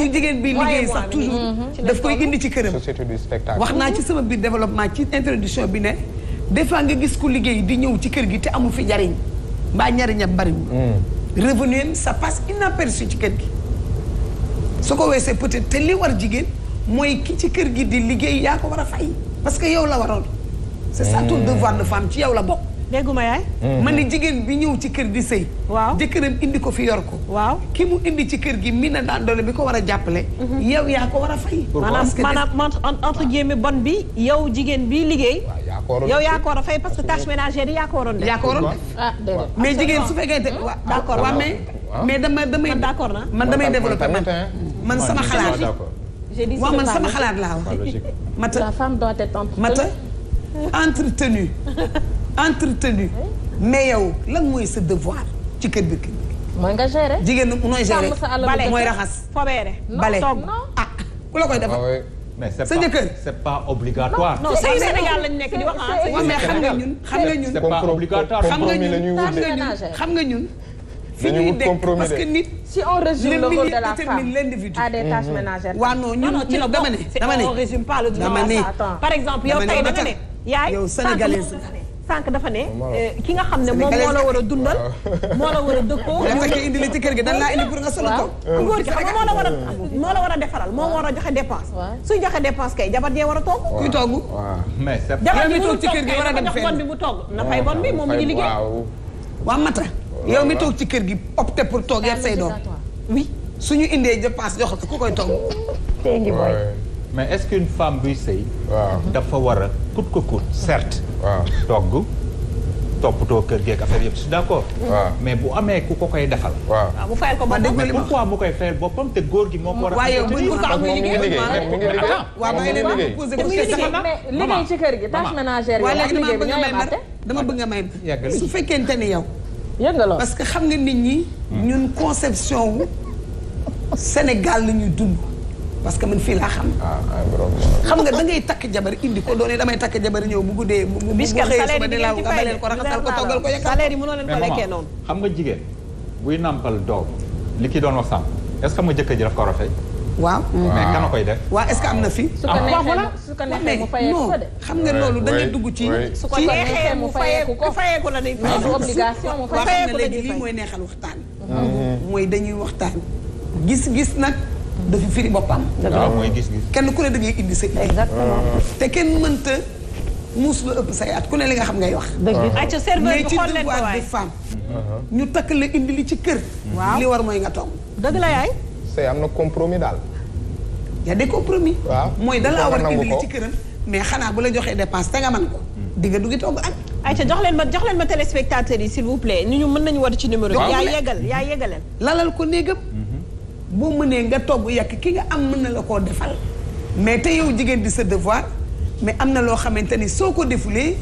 bi jigéen bi liggéey sax toujours daf koy indi ci këram société du spectacle wax naa ci sama biir développement ci introduction bi ne des fois nga gis ku liggéey di ñëw ci kër gi te amul fi njariñ mbaa njariñam bariwul sa am hmm. ça passe inaperçu ci kër gi su ko weesee peut-être te li war jigéen mooy ki ci kër gi di liggéey yaa ko war a fay parce que yow la waroon c'est ça ton hmm. devoir de femme ci yow la bokk dégguma yaay. Mm-hmm. man ni jigéen bi ñëw ci kër di sëy waaw jëkkëram indi ko fi yor ko. waaw ki mu indi ci kër gi mi na daan doole bi ko war a jàppale. Mm-hmm. yow yaa ko war a fay. maanaam maanaam entre guillemets bon bi yow jigéen bi liggéey. yow yaa ko war a fay parce que tâche ménagère yi yaa ko waroon def. yaa ko waroon def ah, mais jigéen su fekkee te hmm? waaw d' accord waaw mais. mais dama damay d' accord na man damay développé man man sama xalaat. j'ai dit waaw man sama xalaat laa wax. mata la femme doit être entretenu mais yow lan mooy sa devoir ci kër gi. jigéen ñi nooy gérer. bale mooy raxas. bale ah ku la koy defal. Ah mais c' est pas c' est pas obligatoire. non non Sénégal lañ nekk di wax ah. mais xam nga ñun nit. si on le rôle de la femme à des mhm. tâches par exemple yow tey sànq dafa ne. Euh, ki nga xam ne moom moo la war a dundal. moo la war a dëkkoo. moo la ci kër gi dan la war a moo la war a defaral moo war a joxe dépense. suy joxe dépense kay jabar jee war a togg. kuy togg. mais c'est jabar ji mënul togg kay dafa jox bon bi mu togg. na fay bon bi moom mi ngi liggéey. waa Mata. yow mi toog ci kër gi opté pour togg yar say doom. su ñu indee dépense jox ko ku koy togg. tey ngi booy. mais est-ce qu'une femme buy sëy waaw dafa war a coûte ko coûte certes waaw togg too kër geeg affaire yëpp je suis mais bu amee ku ko koy defal waaw mu ah, ko boppam pourquoi mu koy te góor gi moo ko war a waaye bu ko am muy liggéey mu ngi liggéey waaw ma ngi leen posé question mais liggéey ci kër gi tâche dama bëgg may mar may su fekkente ni yow yëngaloo parce que xam nga nit ñi hmm. ñun conception wu Sénégal la ñuy dund parce que man fii laa xam. Ah, ah, xam nga da ngay takk jabar indi ko doone damay takk jabar ñëw bu guddee. bu bu xëyee suba nelaw nga baleel ko raxatal ko toggal ko yekkal. salaire yi mënoo nga jigéen buy nàmpal doom li ki doon wax sàmm est-ce que ma jëkkër ji daf ko waaw mais kan a koy def. que am na fi. su ko ah. neexee mu fayeeku ko de. xam nga loolu da ngay dugg ci. su ko neexee mu fayeeku ko fayeeku la day. mais du obligation mu mooy neexal waxtaan. Mm-hmm. mooy dañuy waxtaan gis-gis nag dafa firi boppam. waaw ah, mooy gis-gis kenn ku ne da ngay indi sa idée. exactement te kenn mënta muus la ëpp say at ku ne li nga xam ngay wax. dëgg la ah. serveur bi xool leen ko uh-huh. takk la indi li ci kër. waaw li war mooy nga toog. dëgg la yaay. say am na compromis daal. y a des compromis. waaw mooy da laa war a indi li ci këram. mais xanaa bu la joxee dépense te nga man ko. di nga dugg togg ak. ayca jox leen ma jox leen ma téléspectateurs yi s'il vous plaît ñu ñu mën nañu war ci numéro bi. yaa yegal yaa yegalal lalal ko néegam. Mm-hmm. boo mënee nga togg yàq ki nga am mën na la koo defal mais te yow jigéen di sa devoir mais am na loo xamante ni soo ko defulee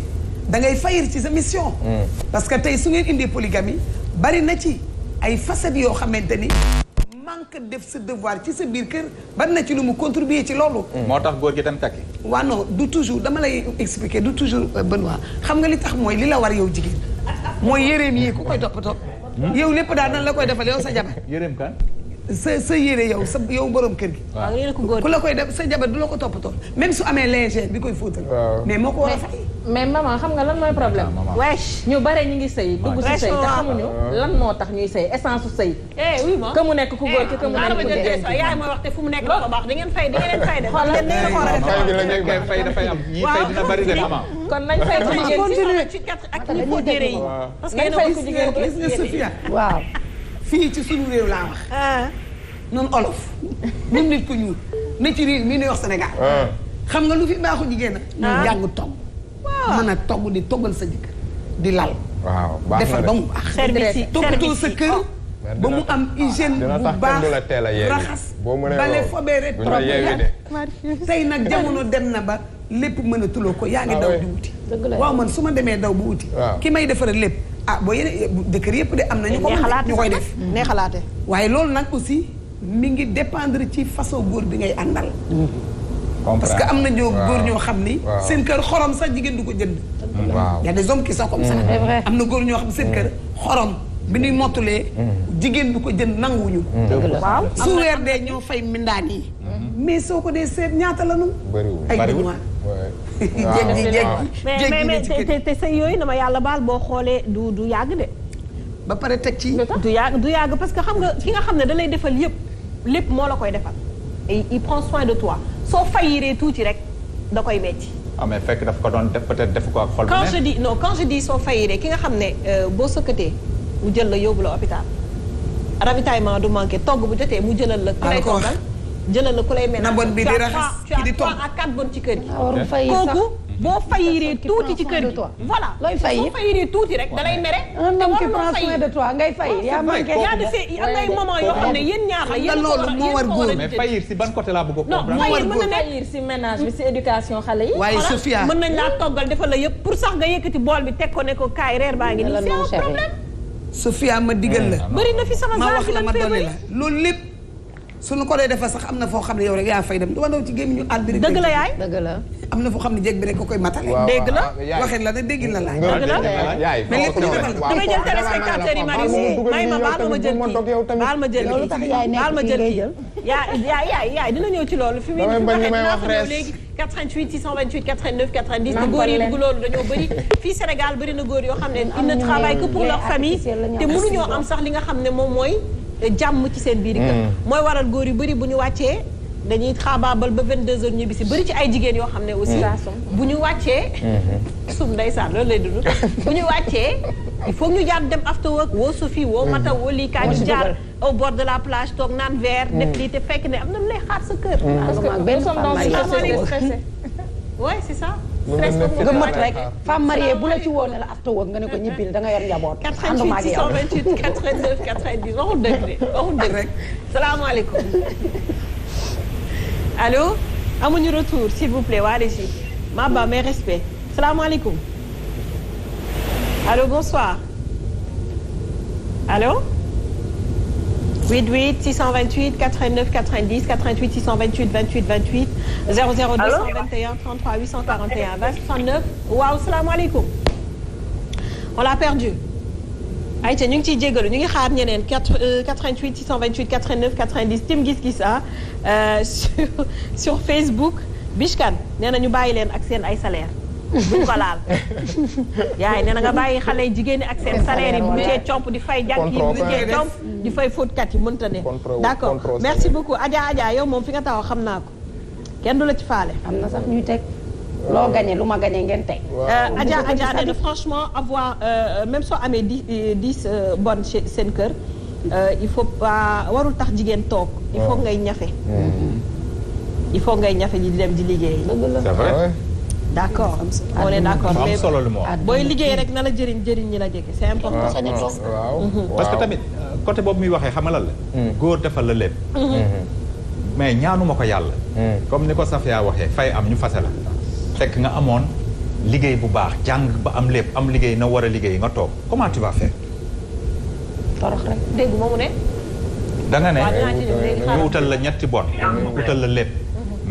da ngay fayir ci sa mission. Hmm. parce que tey su ngeen indee polygamie bari na ci ay facettes yoo xamante ni. manque def sa devoir ci sa biir kër bari na ci lu mu contribuer ci loolu. Hmm. moo tax góor gi tam takki. waaw non du toujours dama lay expliquer du toujours euh, Benoît xam nga li tax mooy li la war yow jigéen mooy yéreem yi ku koy toppatoo. Hmm? yow lépp daal nan la koy defal yow sa jabar. yéreem kan. sa sa yére yow sa yow kër gi. ku la koy def sa jabar du la ko toppatoo même su amee léger bi koy fóotal. mais moo ko war a xam nga lan mooy problème. Ah, wesh ñu bare ñu ngi sëy dugg si sëy te xamuñu lan moo tax ñuy sëy essence su sëy. eh oui ma ka mu nekk ku góor ki ka mu eh, nekk ku jigéen ki. yaay mooy mu nekk dafa baax di ngeen fay di ngeen fay de. xoolal de la ko war a def fay dafay am fay dina bari de kon nañ fay ku jigéen ci ko yére yi. waaw. fii ci suñu réew laa wax. noonu ah. olof. ñun nit ko ñuul ne ci réew mii nuy wax Sénégal. Ah. xam nga lu fi baaxu jigéen nag. ñu jàng togg. waaw mën a togg di toggal sa jëkkër di lal. waaw baax na defal ba mu baax. service yi toppatoo sa kër. Oh. ba mu am ah, hygiène bu baax raxas bale fobeere trop tey nag jamono dem na ba lépp mën a tuloo ko yaa ngi daw di wuti waaw man su ma demee daw bu wuti ki may defaral lépp ah boo yéene dëkkër yëpp de am na ñu ko ñu koy def mm-hmm. nee xalaate waaye loolu nag aussi mi ngi dépendre ci façon góor bi ngay àndal mm-hmm. parce que am na ñoo góor ñoo xam ni seen kër xorom sax jigéen du ko jënd mm-hmm. waaw y a des hommes qui comme ça am na góor ñoo xam seen kër xorom bi ñuy mottulee jigéen du ko jënd nanguwuñu waaw su weer dee ñoo fay mindaan yi mais soo ko dee seet ñaata la nu ay jéggi jéggi mais mais te te sëy yooyu na yàlla baal boo xoolee du du yàgg de. ba pare teg ci. du yàgg du yàgg parce que xam nga ki nga xam ne da lay defal yëpp lépp moo la koy defal. et il prend soin de toi soo fayiree tuuti rek da koy metti ah mais fekk daf ko doon def peut-être def ko ak xol. quand je dis non quand je dis soo fayiree ki nga xam ne euh, boo sëkkatee mu jël la yóbbu la hôpital ravitaillement du manqué togg bu jotee mu jëlal la. ku lay toggal jëlal la ku lay mel. na bon bi di raxas ki ak ci kër gi. Ah, kooku boo fayiree tuuti ci kër gi. tuuti rek da lay mere. te waruloo fayi un homme qui prend soin de toi ngay ah, fay. na ay moments yoo xam ne yéen ñaar la yéen loolu moo war góor mais fayir a comprendre. non na nekk fayir si ménage toggal defal la yëpp pour sax nga yëkkati bool bi teg ko ne kaay reer baa ngi nii c'est un problème. Sofia ma digal la. bëri na fi sama ma wax la ma dolli suñu ko dee defar sax am na foo xam ne yow rek yaa fay dem du ma daw ci gémmiñu àll bi. dëgg la yaay dëgg la. am na foo xam ne jéeg bi rek ko koy matale. dëgg la waxin la ne dégg la laaj. dëgg la yaay mais lépp damay jël téléspectateur yi Marie si may ma baal ma jël kii baal ma jël kii baal ma jël kii yaay yaay yaay dina ñëw ci loolu. fi muy léegi 88 628 89 90. te góor yi dugg loolu dañoo bëri fii Sénégal bëri na góor yoo xam ne ils ne travaillent que pour leur famille te mënuñoo am sax li nga xam ne moom mooy jàmm ci seen biir kër mm. mooy waral góor yu bëri bu ñu wàccee dañuy xaabaabal ba 22 heures ñibbi si bëri ci ay jigéen yoo xam ne aussi mm. bu ñu wàccee mm-hmm. sum ndeysaan loolu lay dund bu ñu wàccee il ñu jaar dem after work woo Sophie woo mm. Mata woo lii kaa ñu jaar au bord de la plage toog naan verre def lii te fekk ne am na lu lay xaar sa kër parce que nous sommes c'est ça nga mët rek femme mariée bu la ci woo ne la after work nga ne ko ñibbil da nga yor njaboot. ànduma ak yow 88 628 92 90 waxul dëgg de waxul dëgg rek salaamaaleykum allo. amuñu retour s'il vous plaît waa régie Maba mes respects salaamaaleykum allo bonsoir allo. 88 628 89 90 88 628 28 28 00 221 33 salaamaaleykum on l'a perdu ayca ñu ngi ciy jégalu ñu ngi xaar ñeneen 88 628 89 90 tim gis-gis ah euh, sur sur Facebook Bichkan nee na ñu bàyyi leen ak seen ay salaire bu ko laal yaay nee na nga bàyyi xale yi jigéen ñi ak seen salaire yi bu cee comp di fay jànk yi bu cee comp di fay fóotkat yi mënta ne d'accord merci beaucoup Adja Adja yow moom fi nga taxaw xam naa ko kenn du la ci faale am na sax ñuy teg loo gagné lu ma gagné ngeen tey euh, Adja Adja nee na franchement avoir euh, même soo amee di dix euh, bonnes seen kër il faut pas warul tax jigéen toog il faut ngay ñafe il faut ngay ñafe ji di dem di liggéey d' accord on est d' accord mais booy liggéey rek na la jëriñ jëriñ ñi la jege c' est important. Mhm. parce que tamit euh, côté boobu muy waxee xamalal la. Mhm. góor defal la lépp. Mhm. mais ñaanuma ko yàlla. comme ni ko Safia waxee fay am ñu fase la. nga amoon liggéey bu baax jàng ba am lépp am liggéey na war a liggéey nga toog comment tu vas faire. mu ne. da nga ne ñu utal la ñetti bon. utal la lépp.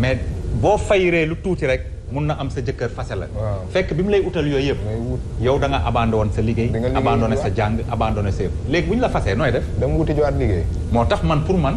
mais boo fayree lu tuuti rek. mun na am sa jëkkër fase la fekk bi mu lay utal yooyu yëpp yow da nga abandonné sa liggéey abandonné sa jàng abandonné sa yëpp léegi bu ñu la fasee nooy def dama wuti jiwaat liggéey moo tax man pour man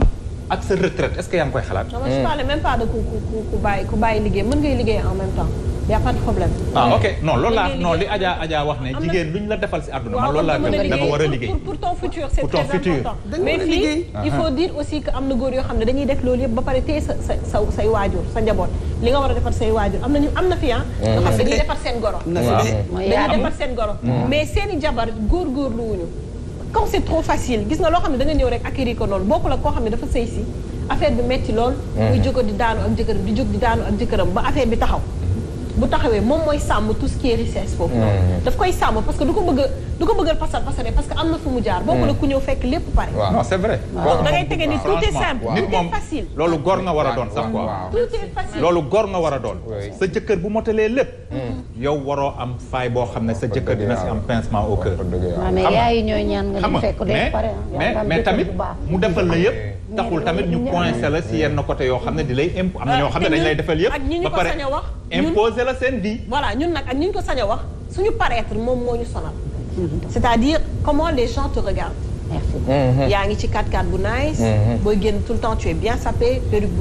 ak sa retraite est-ce que yaa ngi koy xalaat non je parlais même pas de ku ku ku bàyyi liggéey mën ngay liggéey en même temps y' a pas de problème. ah ok non loolu laa non li Adja Adja wax ne jigéen ñu la defal si àdduna man loolu laa gëm da nga war a liggéey pour ton futur c'est très important mais fii ah, ah. il faut dire aussi que am na góor yoo xam ne dañuy def loolu yëpp ba pare téye sa sa sa say waajur sa njaboot li nga war a defar say waajur am na am na fi ah nga mm. xam ne mm. dañuy defar seen goro mm. dañuy defar seen goro mais seen i jabar góorgóorlu wuñu comme c'est trop facile gis nga loo xam ne da nga ñëw rek acquérir ko noonu bokku la koo xam ne dafa sëy si metti lool muy jóg di daanu ak jëkkëram di jóg di daanu ak jëkkëram ba affaire bi taxaw bu taxawee moom mooy sàmm tout ce qui est richesse foofu mm. noonu daf koy sàmm parce que du ko bëgg a du ko bëgg a pasar pasare parce que am na fu mu jaar boobu mm. la ku ñëw fekk lépp pare non c'est vrai donc loolu góor nga war a doon sax quoi loolu góor nga war a doon sa jëkkër bu motalee lépp mm. yow waroo am faay boo xam ne sa jëkkër dina si am pincement au cœur. mais yaay ñooy ñaan nga ñu fekk day pare mais mais tamit mu defal la yëpp. taxul tamit ñu coincé la si yenn côté yoo xam ne di lay imp am na ñoo xam ne dañ lay defal yëpp. ba pare a moom moo ñu sonal. c'est-à-dire comment les gens te regardent. Mm-hmm. yaa ngi ci 4 x bu nice. Mm-hmm. booy génn tout le temps tu es bien sapé perruque